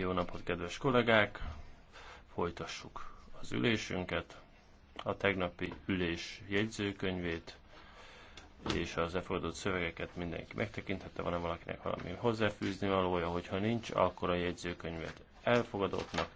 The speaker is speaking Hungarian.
Jó napot, kedves kollégák! Folytassuk az ülésünket. A tegnapi ülés jegyzőkönyvét és az elfogadott szövegeket mindenki megtekinthette, van-e valakinek valami hozzáfűzni valója, hogyha nincs, akkor a jegyzőkönyvet elfogadottnak